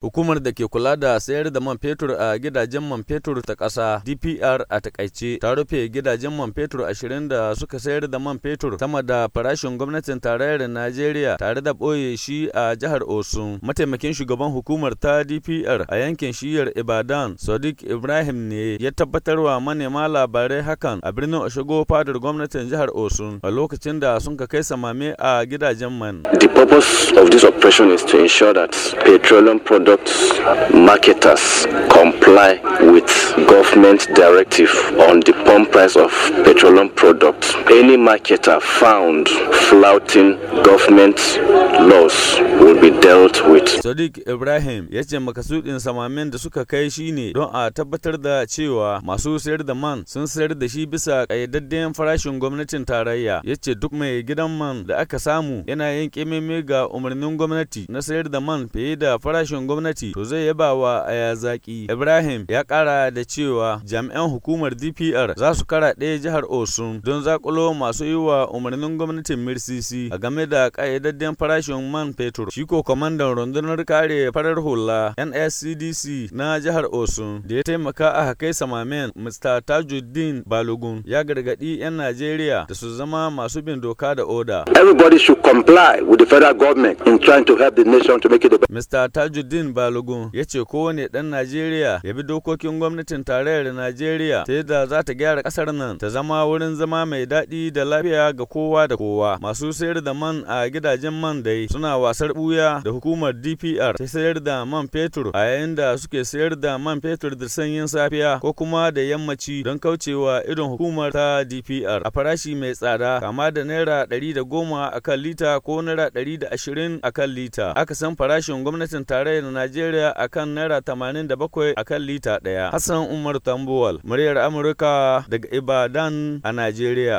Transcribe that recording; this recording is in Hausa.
Hukumar da ke kula da sayar da man fetur a gidajen man fetur ta ƙasa DPR a takaice ta rufe gidajen man fetur ashirin da suka sayar da man fetur sama da farashin gwamnatin tarayyar Najeriya tare da ɓoye shi a jihar Osun. Mataimakin shugaban hukumar ta DPR a yankin shiyar Ibadan Sadiq Ibrahim ne ya tabbatarwa manema labarai hakan a birnin Oshogo fadar gwamnatin jihar Osun a lokacin da sun ka kai samame a gidajen man. The purpose of this operation is to ensure that petroleum product marketers comply with government directive on the pump price of petroleum products. Any marketer found flouting government laws will be dealt with. Sadiq Ibrahim ya ce makasudin samamen da suka kai ne don a tabbatar da cewa masu sayar da man sun sayar da shi bisa ƙayyadadden farashin gwamnatin tarayya. Ya ce duk mai gidan man da aka samu yana yin ƙememe ga umarnin gwamnati na sayar da man fiye da farashin gwamnati gwamnati to zai yaba wa aya zaki ibrahim ya kara da cewa jami'an hukumar dpr za su kara ɗaya jihar osun don zakulo masu yi wa umarnin gwamnatin mirsisi a game da ƙayyadadden farashin man fetur shi ko kwamandan rundunar kare farar hula nscdc na jihar osun da ya taimaka a hakai samamen mr tajuddin balogun ya gargadi 'yan najeriya da su zama masu bin doka da oda everybody should comply with the federal government in trying to help the nation to make it a better. mr tajuddin Balogun ya ce kowane ɗan Najeriya ya bi dokokin gwamnatin tarayyar Najeriya ta yadda za ta gyara ƙasar nan ta zama wurin zama mai daɗi da lafiya ga kowa da kowa. Masu sayar da man a gidajen man dai suna wasar buya da hukumar DPR ta sayar da man fetur a yayin da suke sayar da man fetur da sanyin safiya ko kuma da yammaci don kaucewa irin hukumar ta DPR a farashi mai tsada kama da naira ɗari da goma a kan lita ko naira ɗari da ashirin a kan lita. Aka san farashin gwamnatin tarayyar Najeriya akan naira 87 akan lita ɗaya. Hassan Umar Tambuwal, muryar Amurka daga Ibadan a Najeriya.